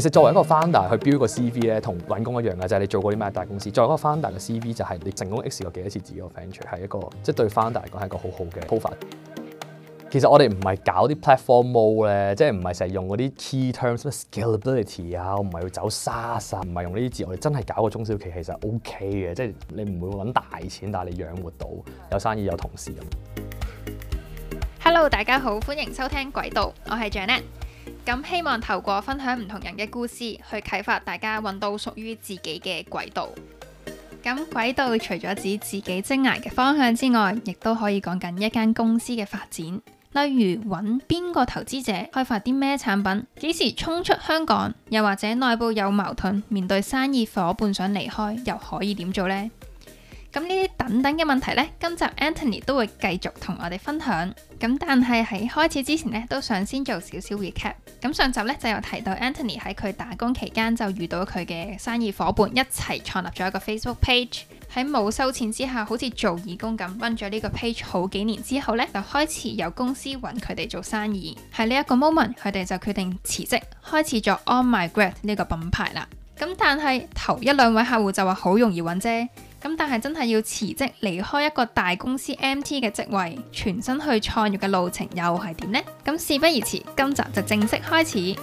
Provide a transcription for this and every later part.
其實作為一個 founder 去標個 CV 咧，同揾工一樣嘅，就係、是、你做過啲咩大公司。作為一個 founder 嘅 CV 就係你成功 X 過幾多次自己嘅 venture，係一個即係、就是、對 founder 嚟講係一個好好嘅 profile。其實我哋唔係搞啲 platform model，即係唔係成日用嗰啲 key terms 咩 scalability 啊，我唔係要走 SaaS，唔係用呢啲字，我哋真係搞個中小企，其實 O K 嘅，即係你唔會揾大錢，但係你養活到有生意有同事咁。Hello，大家好，歡迎收聽軌道，我係 Janet。咁希望透過分享唔同人嘅故事，去啟發大家揾到屬於自己嘅軌道。咁軌道除咗指自己生涯嘅方向之外，亦都可以講緊一間公司嘅發展，例如揾邊個投資者，開發啲咩產品，幾時衝出香港，又或者內部有矛盾，面對生意伙伴想離開，又可以點做呢？咁呢啲等等嘅問題呢，今集 Anthony 都會繼續同我哋分享。咁但係喺開始之前呢，都想先做少少 recap。咁上集呢，就有提到，Anthony 喺佢打工期間就遇到佢嘅生意伙伴，一齊創立咗一個 Facebook page。喺冇收錢之下，好似做義工咁 run 咗呢個 page 好幾年之後呢，就開始有公司揾佢哋做生意。喺呢一個 moment，佢哋就決定辭職，開始做 On My Grad 呢個品牌啦。咁但係頭一兩位客戶就話好容易揾啫。咁但係真係要辭職離開一個大公司 MT 嘅職位，全身去創業嘅路程又係點呢？咁事不宜遲，今集就正式開始。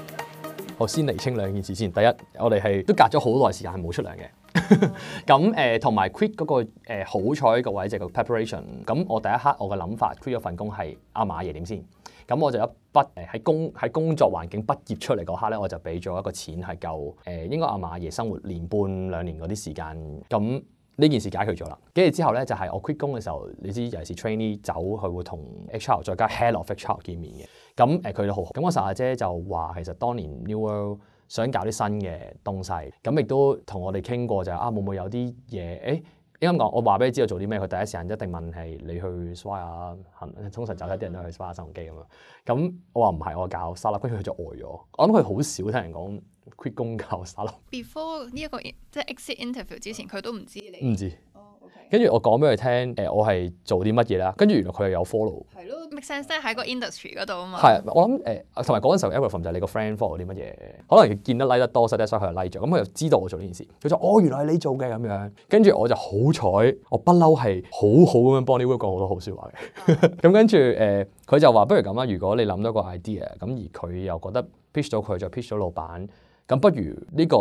我先釐清兩件事先。第一，我哋係都隔咗好耐時間冇出糧嘅。咁 誒，同、呃、埋 quit 嗰、那個好彩個位即個 preparation。咁我第一刻我嘅諗法，quit 咗份工係阿、啊、馬爺點先。咁我就一筆誒喺工喺工作環境畢業出嚟嗰刻咧，我就俾咗一個錢係夠誒、呃，應該阿、啊、馬爺生活年半兩年嗰啲時間咁。呢件事解決咗啦，跟住之後咧就係、是、我 quit 工嘅時候，你知尤其是 trainee 走，佢會同 HR，再加 head of HR 見面嘅。咁誒佢都好，好、嗯。咁嗰陣阿姐就話其實當年 New World 想搞啲新嘅東西，咁亦都同我哋傾過就是、啊會唔會有啲嘢？誒啱啱講我話俾你知道做啲咩，佢第一時間一定問係你去 swipe 啊，通常走一啲人都去 swipe 手機咁樣。咁、嗯嗯、我話唔係我搞，收啦。跟住佢就呆咗，我諗佢好少聽人講。quit 工教傻佬。Before 呢、這、一個即係 exit interview 之前，佢都唔知你唔知、oh, okay. 跟呃。跟住我講俾佢聽，誒， 我係做啲乜嘢啦？跟住原來佢又有 follow。係咯，make sense 喺個 industry 嗰度啊嘛。係。我諗誒，同埋嗰陣時候，Evelyn 就係你個 friend follow 啲乜嘢？可能見得拉、like、得多，所以佢就拉咗。咁佢又知道我做呢件事。佢就哦，原來係你做嘅咁樣。跟住我就好彩，我不嬲係好好咁樣幫你 work 講好多好説話嘅。咁 Yeah. 跟住誒，佢、呃、就話不如咁啦。如果你諗到個 idea，咁、嗯、而佢又覺得 pitch 咗佢，就 pitch 咗老闆。咁不如呢個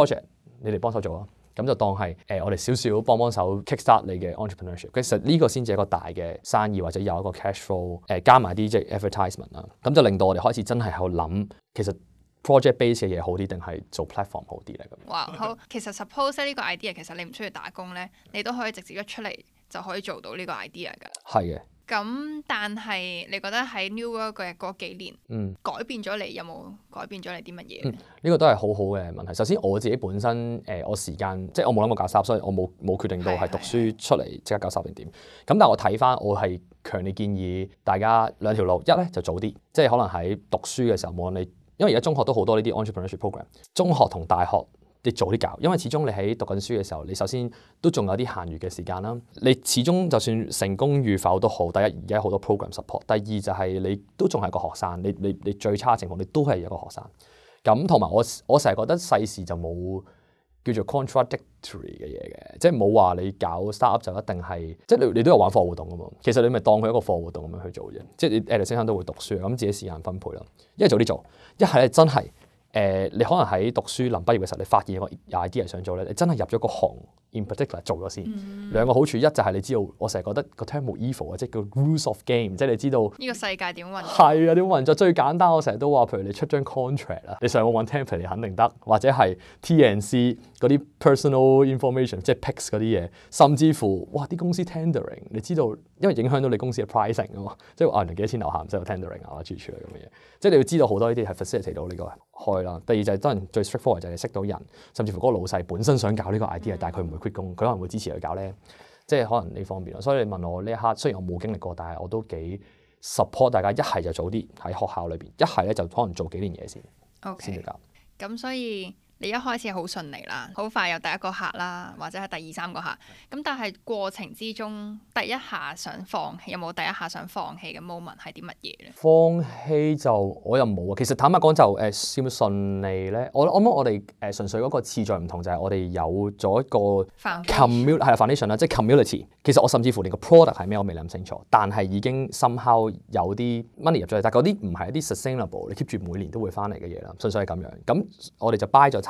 project 你哋幫手做啊，咁就當係誒、呃、我哋少少幫幫手 kick start 你嘅 entrepreneurship。其實呢個先至一個大嘅生意或者有一個 cash flow，誒、呃、加埋啲即係 advertisement 啦，咁就令到我哋開始真係喺度諗，其實 project based 嘅嘢好啲定係做 platform 好啲咧咁。哇，好，其實 suppose 呢個 idea 其實你唔出去打工咧，你都可以直接一出嚟就可以做到呢個 idea 噶？係嘅。咁，但係你覺得喺 New w o r k 嘅嗰幾年，嗯，改變咗你有冇改變咗你啲乜嘢？嗯，呢、這個都係好好嘅問題。首先我自己本身誒、呃，我時間即係我冇諗過 g 三，所以我冇冇決定到係讀書出嚟即刻 g 三定點。咁但係我睇翻，我係強烈建議大家兩條路，一咧就早啲，嗯、即係可能喺讀書嘅時候，冇論你，因為而家中學都好多呢啲 entrepreneurship program，中學同大學。你早啲搞，因為始終你喺讀緊書嘅時候，你首先都仲有啲閒餘嘅時間啦。你始終就算成功與否都好，第一而家好多 program support，第二就係你都仲係個學生，你你你最差情況你都係一個學生。咁同埋我我成日覺得世事就冇叫做 contradictory 嘅嘢嘅，即係冇話你搞 startup 就一定係，即係你你都有玩課活動㗎嘛。其實你咪當佢一個課活動咁樣去做啫。即係你 r 先生，生都會讀書啊，咁自己時間分配囉。一係早啲做，一係真係。誒、呃，你可能喺讀書臨畢業嘅時候，你發現有個 idea 想做咧，你真係入咗個行，in particular 做咗先、嗯、兩個好處，一就係你知道，我成日覺得個 term 冇 evil 啊，即係叫 rules of game，即係你知道呢個世界點運？係啊，點運作最簡單，我成日都話，譬如你出張 contract 啦，你上網揾 template 你肯定得，或者係 T n C 嗰啲 personal information，即係 PICS 嗰啲嘢，甚至乎哇啲公司 tendering，你知道因為影響到你公司嘅 pricing 啊嘛、啊，即係話人哋幾多錢樓下唔使有 tendering 啊嘛，諸如此類咁嘅嘢，即係你要知道好多呢啲係 facilitate 到呢個。開啦。第二就係當然最 straightforward 就係識到人，甚至乎嗰個老細本身想搞呢個 idea，嗯、但係佢唔會 quit 工，佢可能會支持你搞咧。即係可能呢方面咯。所以你問我呢一刻，雖然我冇經歷過，但係我都幾 support 大家一係就早啲喺學校裏邊，一係咧就可能做幾年嘢先 OK 先至搞。咁所以。你一開始好順利啦，好快有第一個客啦，或者係第二三個客。咁但係過程之中，第一下想放棄，有冇第一下想放棄嘅 moment 係啲乜嘢咧？放棄就我又冇啊。其實坦白講就誒，算、呃、唔順利咧。我啱啱我哋誒、呃、純粹嗰個次序唔同，就係我哋有咗一個棄 commu 係啊 foundation 啦，即係 community。其實我甚至乎連個 product 係咩我未諗清楚，但係已經 somehow 有啲 money 入咗去。但係嗰啲唔係一啲 sustainable，你 keep 住每年都會翻嚟嘅嘢啦。純粹係咁樣。咁我哋就 buy 咗。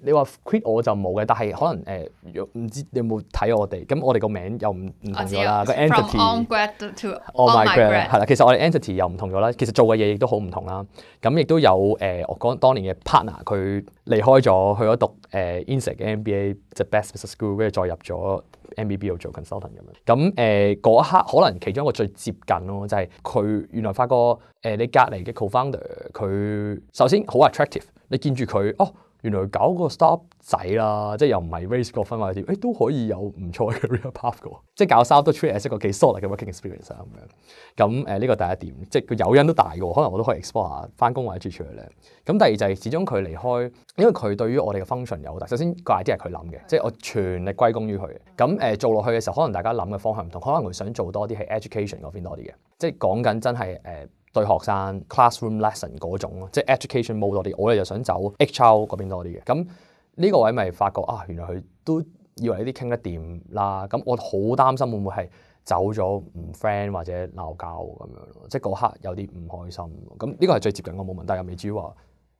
你話 quit 我就冇嘅，但係可能誒，唔、呃、知你有冇睇我哋？咁我哋個名又唔唔同咗啦，個 entity。From OnGrad to OnMyGrad。係啦，其實我哋 entity 又唔同咗啦，其實做嘅嘢亦都好唔同啦。咁亦都有誒、呃，我講當年嘅 partner，佢離開咗，去咗讀誒、呃、Insect MBA，即 Best Business School，跟住再入咗 MBB 度做 consultant 咁樣。咁誒嗰一刻，可能其中一個最接近咯，就係、是、佢原來發覺誒、呃、你隔離嘅 cofounder，佢首先好 attractive，你見住佢哦。原來搞個 start up 仔啦，即係又唔係 raise 個分位啲，誒、欸、都可以有唔錯嘅 real path 嘅， 即係搞三到 three hours 一個幾 solid 嘅 working experience 咁樣。咁誒呢個第一點，即係佢誘因都大嘅，可能我都可以 explore 下翻工或者轉出嚟咧。咁第二就係始終佢離開，因為佢對於我哋嘅 function 有好大。首先，個 idea 係佢諗嘅，即係我全力歸功於佢。咁誒、呃、做落去嘅時候，可能大家諗嘅方向唔同，可能我會想做多啲喺 education 嗰邊多啲嘅，即係講緊真係誒。呃對學生 classroom lesson 嗰種咯，即係 education mode 啲，我哋就想走 HCL 嗰邊多啲嘅。咁呢個位咪發覺啊，原來佢都以為呢啲傾得掂啦。咁我好擔心會唔會係走咗唔 friend 或者鬧交咁樣咯。即係嗰刻有啲唔開心。咁呢個係最接近嘅 moment，但又未至於話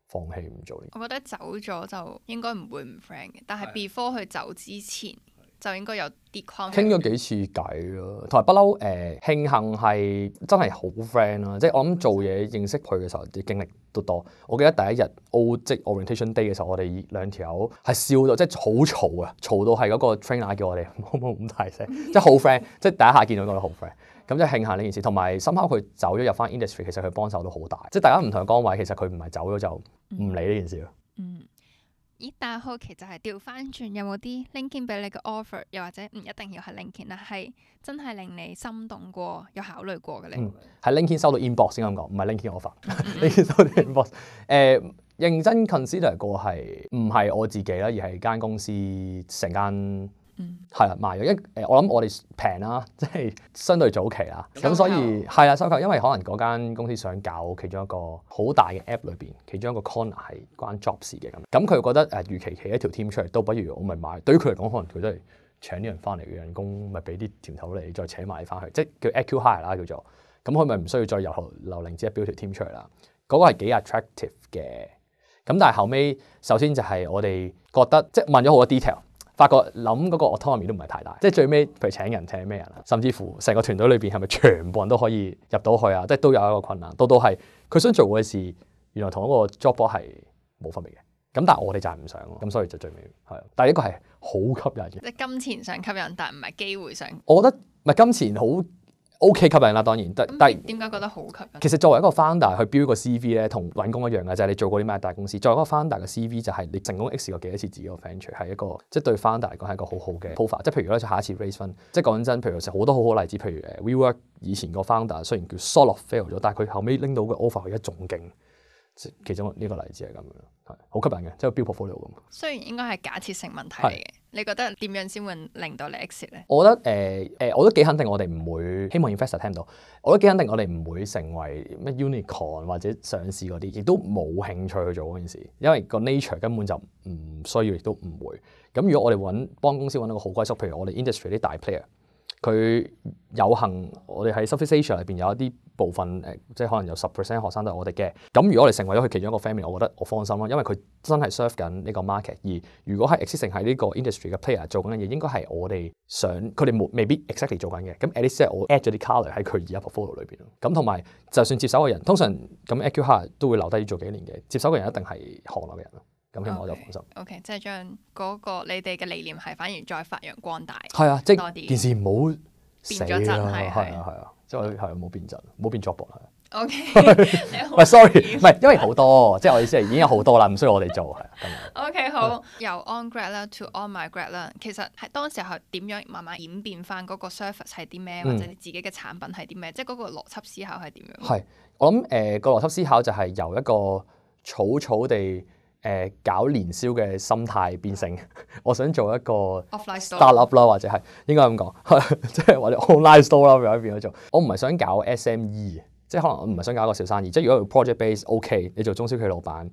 放棄唔做呢。我覺得走咗就應該唔會唔 friend 嘅。但係 before 佢走之前。就應該有啲框 o 傾咗幾次偈咯、啊，同埋不嬲誒，慶幸係真係好 friend 啦、啊，即係我諗做嘢認識佢嘅時候啲經歷都多。我記得第一日 O 即 Orientation Day 嘅時候，我哋兩條友係笑到即係好嘈啊，嘈到係嗰個 trainer 叫我哋唔好咁大聲，即係好 friend， friend，即係第一下見到我哋好 friend。咁即係慶幸呢件事，同埋深刻佢走咗入翻 industry，其實佢幫手都好大。即係大家唔同嘅崗位，其實佢唔係走咗就唔理呢件事咯、嗯。嗯。咦，但好奇就係調翻轉，有冇啲 LinkedIn 俾你嘅 offer，又或者唔一定要係 LinkedIn，但係真係令你心動過，有考慮過嘅咧？嗯，係 LinkedIn 收到 inbox 先咁講，唔係 LinkedIn offer，LinkedIn 收到 inbox，呃，誒，認真 consider 過係唔係我自己啦，而係間公司成間。係啊，賣咗一誒，我諗我哋平啦，即係相對早期啦，咁購所以係啊，收購，因為可能嗰間公司想搞其中一個好大嘅 app 裏邊，其中一個 corner 係關 jobs 嘅，咁，咁佢覺得誒與其起一條 team 出嚟，都不如我咪買。對於佢嚟講，可能佢都係請啲人翻嚟嘅人工，咪俾啲甜頭嚟，再請埋啲翻去，即係叫 acqui-hire 啦叫做。咁佢咪唔需要再由劉玲芝 build 條 team 出嚟啦。嗰、嗰個係幾 attractive 嘅。咁但係後尾，首先就係我哋覺得，即係問咗好多 detail。發覺諗嗰個 autonomy 都唔係太大，即係最尾譬如請人請咩人，甚至乎成個團隊裏邊係咪全部人都可以入到去啊？即係都有一個困難，到到係佢想做嘅事，原來同一個 job board 係冇分別嘅。咁但係我哋就係唔想，咁所以就最尾係。但係一個係好吸引嘅，即係金錢上吸引，但係唔係機會上。我覺得唔係金錢好。OK 吸引啦，當然，但但點解覺得好吸引？其實作為一個 founder 去標個 CV 咧，同揾工一樣嘅，就係、是、你做過啲咩大公司。作為一個 founder 嘅 CV，就係你成功 exit 過幾多次自己嘅 venture 係一個即係、就是、對 founder 嚟講係一個好好嘅 offer 即係譬如咧，下一次 raise fund 即係講真，譬如好多好好多好好例子，譬如誒 WeWork 以前個 founder 雖然叫 solo fail 咗，但係佢後尾拎到個 offer，而家仲勁。其中呢個例子係咁樣，係好吸引嘅，即係標 portfolio 咁。雖然應該係假設性問題嚟你覺得點樣先會令到你 exit 咧？我覺得誒誒、呃呃，我都幾肯定我，我哋唔會希望 investor 聽唔到。我都幾肯定，我哋唔會成為咩 unicorn 或者上市嗰啲，亦都冇興趣去做嗰件事，因為個 nature 根本就唔需要，亦都唔會。咁如果我哋揾幫公司揾到個好歸宿，譬如我哋 industry 啲大 player。佢有幸，我哋喺 Southeast Asia 裏邊有一啲部分誒，即係可能有十 percent 學生都係我哋嘅。咁如果我哋成為咗佢其中一個 family，我覺得我放心咯，因為佢真係 serve 緊呢個 market。而如果係 existing 喺呢個 industry 嘅 player 做緊嘅嘢，應該係我哋想佢哋未必 exactly 做緊嘅。咁 at least 我 add 咗啲 color 喺佢二個 portfolio 裏邊咯。咁同埋就算接手嘅人，通常咁 acute hard 都會留低做幾年嘅。接手嘅人一定係韓國嘅人。咁，我就放心。OK，即係將嗰個你哋嘅理念係反而再發揚光大。係啊，即係我哋件事唔好變咗質係啊，係啊，即係係唔好變質，唔變作搏。OK，喂 sorry，唔係因為好多，即係我意思係已經有好多啦，唔需要我哋做係。OK，好由 on grad 啦，to on my grad 啦，其實係當時候係點樣慢慢演變翻嗰個 service 係啲咩，或者你自己嘅產品係啲咩，即係嗰個邏輯思考係點樣？係我諗誒，個邏輯思考就係由一個草草地。誒搞年宵嘅心態變成，我想做一個 startup 啦，或者係應該咁講，即係或者 online store 啦，咁樣做。我唔係想搞 SME，即係可能我唔係想搞一個小生意。即係如果 project base OK，你做中小企老闆，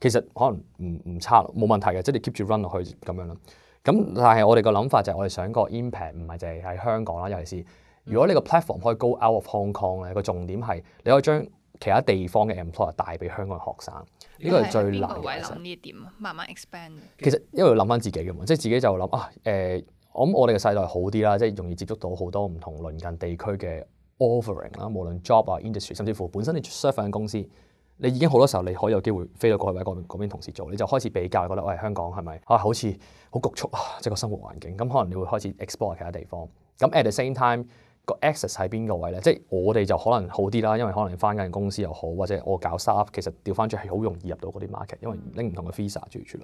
其實可能唔唔差，冇問題嘅，即係你 keep 住 run 落去咁樣咯。咁但係我哋個諗法就係我哋想個 impact 唔係淨係喺香港啦，尤其是如果你個 platform 可以 go out of Hong Kong 嘅，個重點係你可以將。其他地方嘅 employer 帶俾香港嘅學生，呢個係最難呢一點。慢慢 expand。其實因為要諗翻自己嘅嘛，即係自己就諗啊，誒、欸，我諗我哋嘅世代好啲啦，即係容易接觸到好多唔同鄰近地區嘅 offering 啦，無論 job 啊、industry，甚至乎本身你 serve 嘅公司，你已經好多時候你可以有機會飛到過去嗰位嗰嗰邊同事做，你就開始比較，覺得喂、哎、香港係咪啊好似好局促啊，即係個生活環境，咁、嗯、可能你會開始 explore 其他地方。咁 at the same time。個 access 喺邊個位咧？即係我哋就可能好啲啦，因為可能翻緊公司又好，或者我搞 startup 其實調翻轉係好容易入到嗰啲 market，因為拎唔同嘅 visa 之類。咁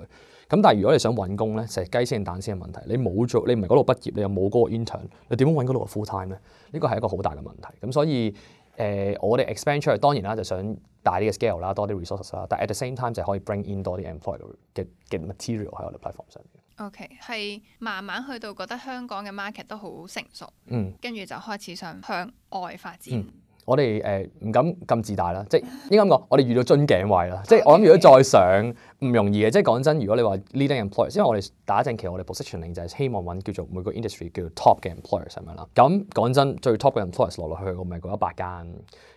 但係如果你想揾工咧，成日雞先蛋先嘅問題。你冇做，你唔係嗰度畢業，你又冇嗰個 intern，你點樣揾嗰度嘅 full time 咧？呢個係一個好大嘅問題。咁所以誒、呃，我哋 expand 出去當然啦，就想大啲嘅 scale 啦，多啲 resources 啦。但係 at the same time 就可以 bring in 多啲 employer 嘅、er、嘅 material 喺我哋 platform 上面。OK，係慢慢去到覺得香港嘅 market 都好成熟，嗯，跟住就開始想向外發展。嗯、我哋誒唔敢咁自大啦，即係 應該咁講，我哋遇到樽頸位啦。即係 Okay. 我諗，如果再上唔容易嘅，即係講真，如果你話 leading employers 因為我哋打正旗，我哋 positioning 就係希望揾叫做每個 industry 叫 top 嘅 employers 咁樣啦。咁講真，最 top 嘅 employers 落落去去，我咪嗰一百間。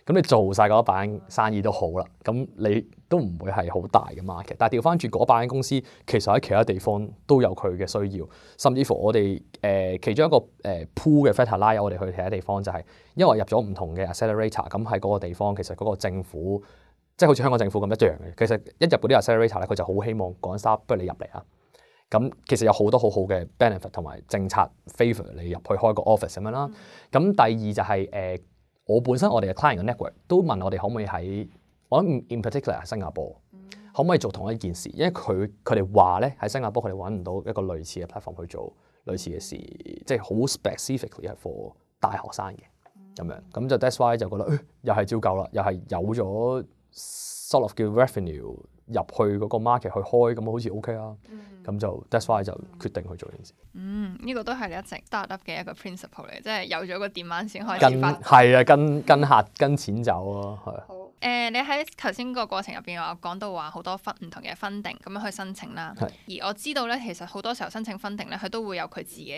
咁你做晒嗰一版生意都好啦，咁你。都唔會係好大嘅 market，但係調翻轉，嗰班公司其實喺其他地方都有佢嘅需要，甚至乎我哋誒、呃、其中一個誒 pull 嘅 factor 拉我哋去其他地方就係、是，因為入咗唔同嘅 accelerator，咁、嗯、喺嗰個地方其實嗰個政府即係好似香港政府咁一樣嘅，其實一入嗰啲 accelerator 咧，佢就好希望趕沙，不如你入嚟啊！咁其實有很多很好多好好嘅 benefit 同埋政策 favor 你入去開個 office 咁樣啦。咁、嗯嗯嗯、第二就係、是、誒、呃，我本身我哋嘅 client 嘅 network 都問我哋可唔可以喺。我諗 in particular 係新加坡，嗯、可唔可以做同一件事？因為佢佢哋話咧喺新加坡佢哋揾唔到一個類似嘅 platform 去做類似嘅事，嗯、即係好 specifically 係 for 大學生嘅咁樣。咁、嗯、就 that's why 就覺得又係照舊啦，又係有咗 sort of 叫 revenue 入去嗰個 market 去開，咁好似 OK 啦。咁就 that's why 就決定去做呢件事。嗯，呢、這個都係你一直 start up 嘅一個 principle 嚟，即係有咗個 demand 先開始發展。係啊，跟跟客跟錢走咯、啊，係。誒，uh, 你喺頭先個過程入邊話講到話好多分唔同嘅 funding 咁樣去申請啦。是而我知道咧，其實好多時候申請 funding 咧，佢都會有佢自己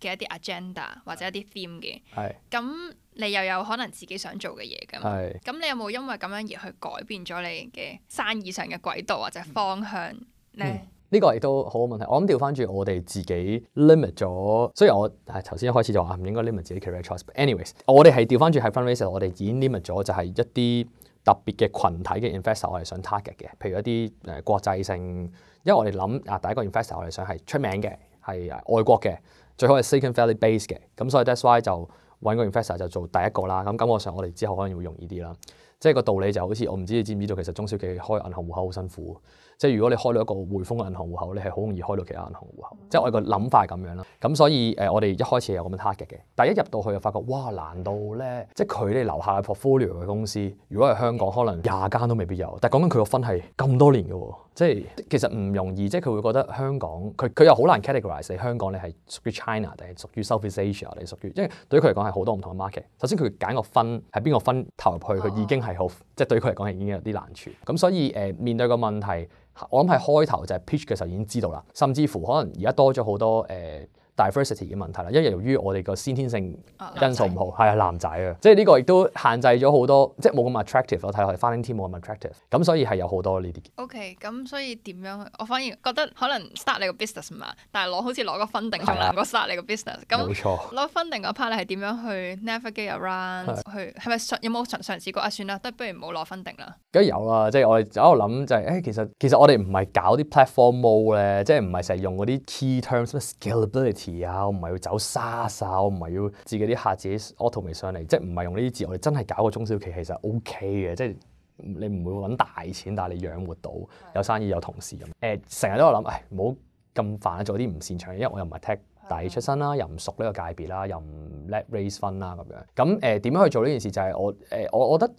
嘅一啲 agenda 或者一啲 theme 嘅。係是。咁你又有可能自己想做嘅嘢噶。係是。咁你有冇因為咁樣而去改變咗你嘅生意上嘅軌道或者方向、嗯、呢？呢、嗯這個亦都好好問題。我諗調翻轉我哋自己 limit 咗。雖然我係頭先一開始就話唔應該 limit 自己 career choice，但 anyways，我哋係調翻轉係 fundraise，我哋已經 limit 咗就係一啲。特別嘅群體嘅 investor 我係想 target 嘅，譬如一啲誒，國際性，因為我哋諗啊，第一個 investor 我哋想係出名嘅，係外國嘅，最好係 Silicon Valley base 嘅，咁所以 that's why 就揾個 investor 就做第一個啦，咁感覺上我上，我哋之後可能要容易啲啦，即係個道理就好似我唔知你知唔知道，其實中小企開銀行戶口好辛苦。即係如果你開到一個匯豐嘅銀行戶口，你係好容易開到其他銀行戶口。即係我個諗法係咁樣啦。咁所以誒，我哋一開始有咁樣 target 嘅，但係一入到去就發覺，哇，難度咧！即係佢哋留下嘅 portfolio 嘅公司，如果係香港，可能廿間都未必有。但係講緊佢個分係咁多年嘅喎、哦。即係其實唔容易，即係佢會覺得香港，佢佢又好難 categorize 你香港你係屬於 China 定係屬於 South East Asia，你屬於，因為對於佢嚟講係好多唔同嘅 market。首先佢揀個分係邊個分投入去，佢已經係好，哦、即係對佢嚟講係已經有啲難處。咁所以誒、呃、面對個問題，我諗係開頭就係 pitch 嘅時候已經知道啦，甚至乎可能而家多咗好多誒。呃 Diversity 嘅問題啦，因為由於我哋個先天性因素唔好，係啊男仔啊，即係呢個亦都限制咗好多，即係冇咁 attractive 咯。睇落嚟，翻天 team 冇咁 attractive，咁所以係有好多呢啲。O K，咁所以點樣？我反而覺得可能 start 你個 business 嘛，但係攞好似攞個 funding 先啦，個 start 你個 business。冇了那錯，攞 funding 嗰 part 你係點樣去 navigate around？的去係咪嘗有冇嘗試過啊？算啦，都不如唔好攞 funding 啦。梗係有啦，即係我哋喺度諗就係，誒，其實其實我哋唔係搞啲 platform model，即係唔係成日用嗰啲 key terms 咩 scalability。呀，我唔係要走 SaaS，我唔係要自己啲客自己 automate 上嚟，即係唔係用呢啲字，我哋真係搞個中小企，其實 O K 嘅，即係你唔會揾大錢，但係你養活到有生意有同事咁。誒、呃，成日都喺度諗，唉，唔好咁煩，做啲唔擅長，因為我又唔係 tech 底出身啦，又唔熟呢個界別啦，又唔叻 raise fund 啦咁樣。咁誒點樣去做呢件事？就係、是、我誒、呃，我覺得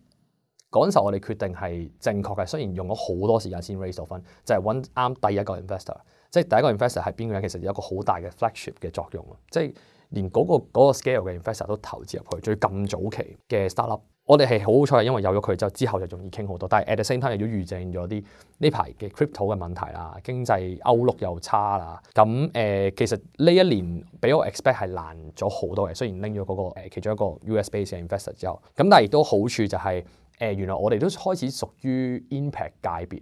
嗰陣時候我哋決定係正確嘅，雖然用咗好多時間先 raise 到 fund，就係揾啱第一個 investor。即係第一個 investor 係邊個呢，其實有一個好大嘅 flagship 嘅作用，即係連嗰、嗰個嗰個 scale 嘅 investor 都投資入去，最咁早期嘅 startup，我哋係好彩，因為有咗佢，就之後就容易傾好多。但係 at the same time 亦都遇正咗啲呢排嘅 crypto 嘅問題啦，經濟 outlook 又差啦。咁誒、呃，其實呢一年俾我 expect 係難咗好多嘅。雖然拎咗嗰個、呃、其中一個 US-based 嘅 investor 之後，咁但係亦都好處就係、是、誒、呃、原來我哋都開始屬於 impact 界別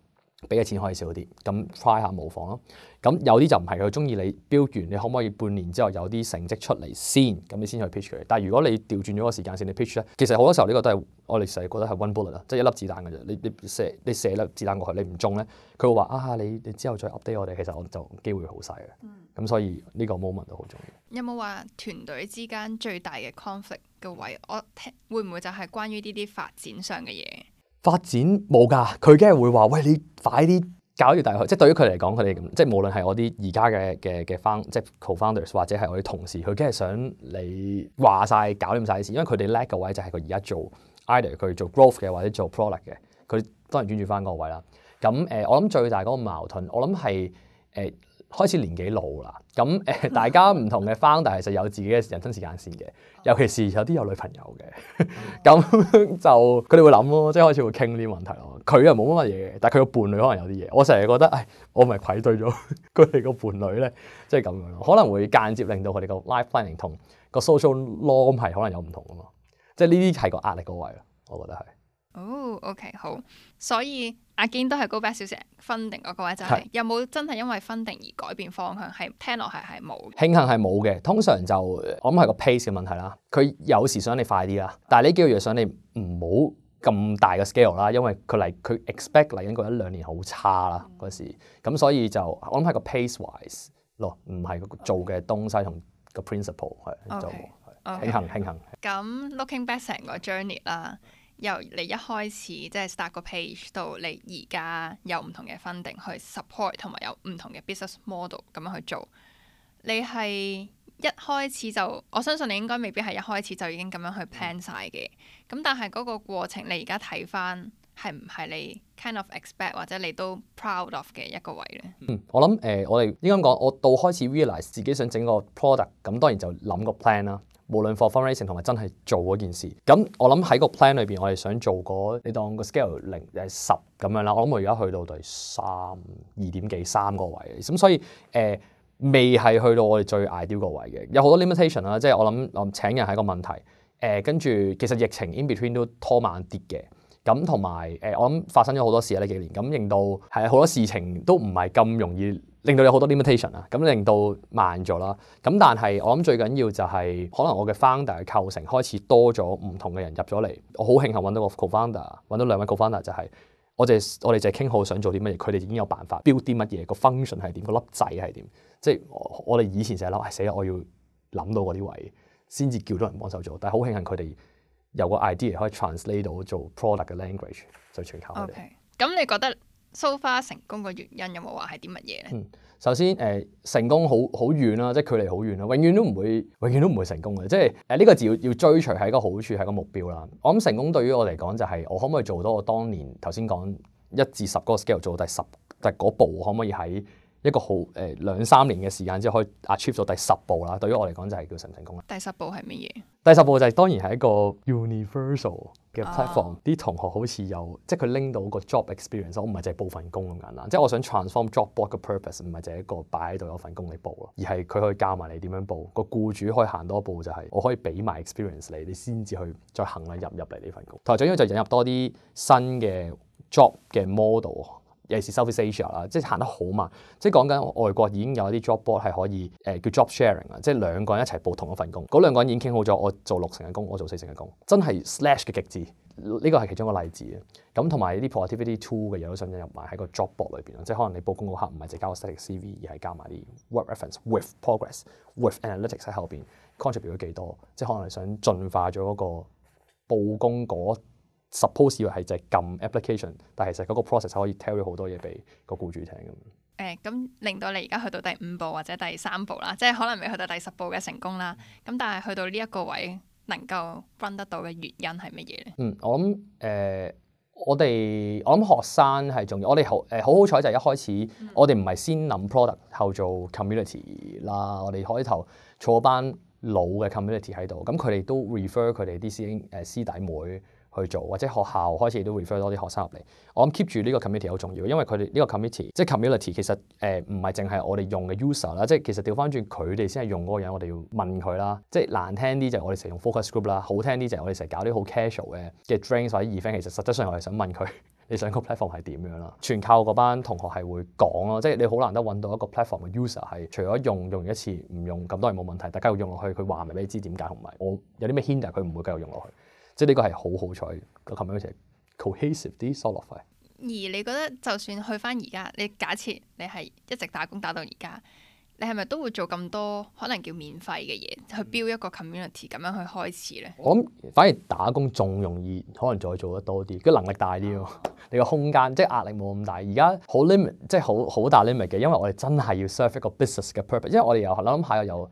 俾嘅錢可以少啲，咁 try 下模仿咯。咁有啲就唔係佢中意你 build 完你可唔可以半年之後有啲成績出嚟先？咁你先去 pitch 佢。但係如果你調轉咗個時間線，你 pitch 咧，其實好多時候呢個都係我哋成日覺得係 one bullet 啊，即係一粒子彈㗎啫。你你射你射粒子彈過去，你唔中咧，佢會話啊，你你之後再 update 我哋，其實我就機會好細嘅。咁所以呢個 moment 都好重要。嗯、有冇話團隊之間最大嘅 conflict 嘅位？我會唔會就係關於呢啲發展上嘅嘢？發展冇噶，佢梗係會話喂，你快啲搞要大佢，即係對於佢嚟講，佢哋即係無論係我啲而家嘅嘅嘅方，即,即 co-founders 或者係我啲同事，佢梗係想你話晒搞掂晒啲事，因為佢哋叻個位就係佢而家做 either 佢做 growth 嘅或者做 product 嘅，佢當然專注翻嗰個位啦。咁誒、呃，我諗最大嗰個矛盾，我諗係誒。呃開始年紀老啦，咁誒大家唔同嘅 founder，但係其實有自己嘅人生時間線嘅，尤其是有啲有女朋友嘅，咁、oh. 就佢哋會諗咯，即係開始會傾呢啲問題咯。佢又冇乜嘢嘅，但係佢個伴侶可能有啲嘢。我成日覺得，誒我咪愧對咗佢哋個伴侶咧，即係咁樣，可能會間接令到佢哋個 life planning 同個 social norm 係可能有唔同啊嘛，即係呢啲係個壓力嗰位咯，我覺得係。哦、oh，OK，好，所以。阿堅都係高百少少分定嗰個位、就係，就係是有冇真係因為分定而改變方向？係聽落係係冇。慶幸係冇嘅，通常就我諗係個 pace 嘅問題啦。佢有時想你快啲啦，但係呢幾個月想你唔好咁大嘅 scale 啦，因為佢嚟佢 expect 嚟緊嗰一兩年好差啦嗰時，咁、嗯、所以就我諗係個 pace wise 咯、呃，唔係做嘅東西同個 principle 係就慶 Okay ,幸慶幸。咁、嗯嗯、looking back 成個 journey 啦。由你一開始即係、就是、start 個 page 到你而家有唔同嘅 funding 去 support，同埋有唔同嘅 business model 咁樣去做。你係一開始就我相信你應該未必係一開始就已經咁樣去 plan 晒嘅。咁、嗯、但係嗰個過程你而家睇翻係唔係你 kind of expect 或者你都 proud of 嘅一個位咧？嗯，我諗誒、呃，我哋應該咁講，我到開始 realize 自己想整個 product，咁當然就諗個 plan 啦。無論 for fundraising 同埋真係做嗰件事，咁我諗喺個 plan 裏邊，我哋想做嗰、那個，你當個 scale 零誒十咁樣啦。我諗我而家去到第三二點幾三個位，咁、嗯、所以誒、呃、未係去到我哋最 ideal 個位嘅。有好多 limitation 啦，即係我諗我請人係一個問題。誒跟住其實疫情 in between 都拖慢啲嘅，咁同埋誒我諗發生咗好多事啊，呢幾年，咁令到係好多事情都唔係咁容易。令到你好多 limitation 啊，咁令到慢咗啦。咁但係我諗最緊要就係、是、可能我嘅 founder 嘅構成開始多咗唔同嘅人入咗嚟。我好慶幸揾到個 co-founder，揾到兩位 co-founder 就係、是、我哋我哋就係傾好想做啲乜嘢，佢哋已經有辦法 build 啲乜嘢個 function 係點，個粒掣係點。即係我哋以前成日諗，死、哎、啦！我要諗到嗰啲位先至叫到人幫手做。但係好慶幸佢哋有個 idea 可以 translate 到做 product 嘅 language，就全靠佢哋。咁、okay. 你覺得？so far、so、成功嘅原因有冇話係啲乜嘢咧？首先誒、呃，成功好好遠啦，即係距離好遠啦，永遠都唔會，永遠都唔會成功嘅。即係誒呢個字要要追隨係一個好處，係一個目標啦。我諗成功對於我嚟講就係我可唔可以做到我當年頭先講一至十個 scale 做到第十第嗰步，可唔可以喺一個好誒兩三年嘅時間之後可以 achieve 到第十步啦？對於我嚟講就係、是、叫成唔成功咧？第十步係乜嘢？第十步就係、是、當然係一個 universal。嘅 platform 啲、oh. 同學好似有即係佢拎到個 job experience，我唔係淨係報份工咁簡單。即係我想 transform job board 嘅 purpose，唔係淨係一個擺喺度有份工嚟報咯，而係佢可以教埋你點樣報。個僱主可以行多一步就係我可以俾埋 experience 你，你先至去再衡量入入嚟呢份工。同埋主要就引入多啲新嘅 job 嘅 model。尤其是 South East Asia 啦，即係行得好慢。即係講緊外國已經有一啲 job board 係可以誒、呃、叫 job sharing 啊，即係兩個人一齊報同一份工。嗰兩個人已經傾好咗，我做六成嘅工，我做四成嘅工，真係 slash 嘅極致。呢、這個係其中一個例子。咁同埋啲 productivity tool 嘅嘢都想引入埋喺個 job board 裏邊。即係可能你報工嗰刻唔係淨係交個 static CV，而係加埋啲 work reference with progress with analytics 喺後邊 contributed 幾多。即係可能你想進化咗嗰個報工嗰。suppose 以為係就係撳 application，但係其實嗰個 process 可以 tell 咗好多嘢俾個僱主聽咁。誒、欸，咁令到你而家去到第五步或者第三步啦，即係可能未去到第十步嘅成功啦。咁、嗯、但係去到呢一個位能夠 run 得到嘅原因係乜嘢咧？嗯，我諗誒、呃，我哋我諗學生係重要，我哋好誒，好好彩就係一開始、嗯、我哋唔係先諗 product 後做 community 啦。我哋開頭坐班老嘅 community 喺度，咁佢哋都 refer 佢哋啲師兄誒師弟妹。去做或者學校開始都 refer 多啲學生入嚟，我諗 keep 住呢個 committee 好重要，因為佢哋呢個 committee 即係 community 其實誒唔係淨係我哋用嘅 user 啦，即係其實調翻轉佢哋先係用嗰個人，我哋要問佢啦。即係難聽啲就我哋成日用 focus group 啦，好聽啲就我哋成日搞啲好 casual 嘅嘅 drinks 或者 event，其實實質上我哋想問佢你想個 platform 係點樣啦。全靠嗰班同學係會講咯，即係你好難得揾到一個 platform 嘅 user 係除咗用用一次唔用咁多係冇問題，大家用落去佢話咪俾你知點解同埋我有啲咩 hinder 佢唔會繼續用落去。即係呢個係好好彩，個 community cohesive 啲 solar 收落費。而你覺得就算去翻而家，你假設你係一直打工打到而家，你係咪都會做咁多可能叫免費嘅嘢去 build 一個 community 咁樣去開始咧？我諗反而打工仲容易，可能再做得多啲，佢能力大啲喎， 你個空間即係壓力冇咁大。而家好 limit，即係好好大 limit 嘅，因為我哋真係要 serve 個 business 嘅 purpose，因為我哋有諗下有。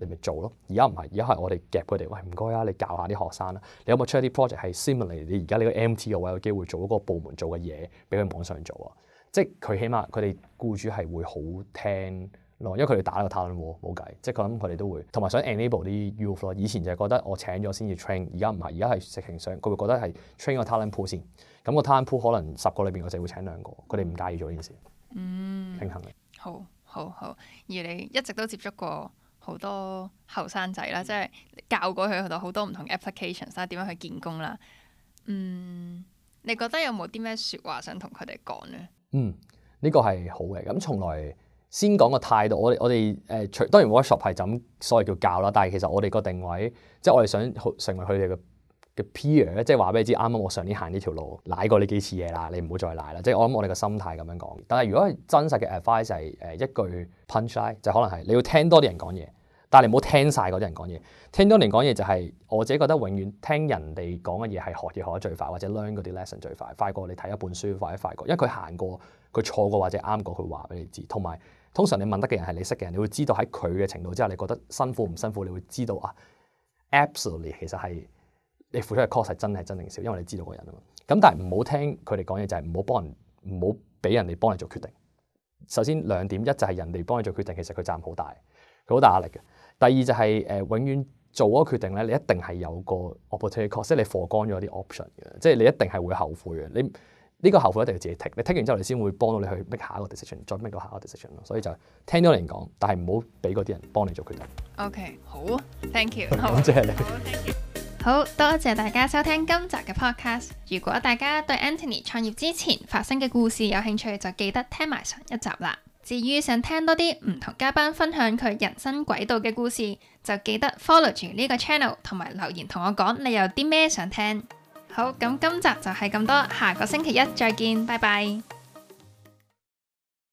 你咪做咯，而家唔係，而家係我哋夾佢哋。喂、哎，唔該啊，你教下啲學生啦。你有冇出一啲 project 係 similar？你而家你個 MT 嘅話，有機會做嗰個部門做嘅嘢，俾佢網上做啊。即係佢起碼佢哋僱主係會好聽咯，因為佢哋打呢個 talent 喎，冇計。即係佢諗佢哋都會，同埋想 enable 啲 youth 咯。以前就係覺得我請咗先至 train，而家唔係，而家係直情上。佢會覺得係 train 個 talent pool 先。咁個 talent pool 可能十個裏邊我就會請兩個，佢哋唔介意做呢件事。嗯，平衡嘅。好好好，而你一直都接觸過，好多後生仔啦，即係教過佢佢度好多唔同 applications 啦，點樣去建工啦。嗯，你覺得有冇啲咩說話想同佢哋講咧？嗯，呢個係好嘅。咁從來先講個態度，我哋我哋誒、呃，當然 workshop 係咁，所謂叫教啦。但係其實我哋個定位，即係我哋想成為佢哋嘅。嘅 peer 咧，pe er, 即係話俾你知，啱啱我上年行呢條路，瀨過你幾次嘢啦，你唔好再瀨啦。即係我諗，我哋嘅心態咁樣講。但係如果係真實嘅 advice 就係、呃、一句 punchline 就可能係你要聽多啲人講嘢，但係你唔好聽晒嗰啲人講嘢。聽多啲人講嘢就係、是、我自己覺得永遠聽人哋講嘅嘢係學嘢學得最快，或者 learn 嗰啲 lesson 最快，快過你睇一本書快一快過。因為佢行過，佢錯過或者啱過，佢話俾你知。同埋通常你問得嘅人係你識嘅人，你會知道喺佢嘅程度之下，你覺得辛苦唔辛苦，你會知道啊。Absolutely，其實係。你付出嘅確實真係真定少，因為你知道個人啊嘛。咁但係唔好聽佢哋講嘢，就係唔好幫人，唔好俾人哋幫你做決定。首先兩點，一就係人哋幫你做決定，其實佢賺好大，佢好大壓力嘅。第二就係、是、誒、呃，永遠做嗰個決定咧，你一定係有個 opportunity cost，即係你放乾咗啲 option 嘅，即係你一定係會後悔嘅。你呢、這個後悔一定要自己剔，你剔完之後你先會幫到你去 make 下一個 decision，再 make 到下一個 decision 咯。所以就聽到人講，但係唔好俾嗰啲人幫你做決定。OK，好，Thank you 好。多謝你。好多謝大家收聽今集嘅 podcast。如果大家對 Anthony 創業之前發生嘅故事有興趣，就記得聽埋上一集啦。至於想聽多啲唔同嘉賓分享佢人生軌道嘅故事，就記得 follow 住呢個 channel 同埋留言同我講你有啲咩想聽。好，咁今集就係咁多，下個星期一再見，拜拜。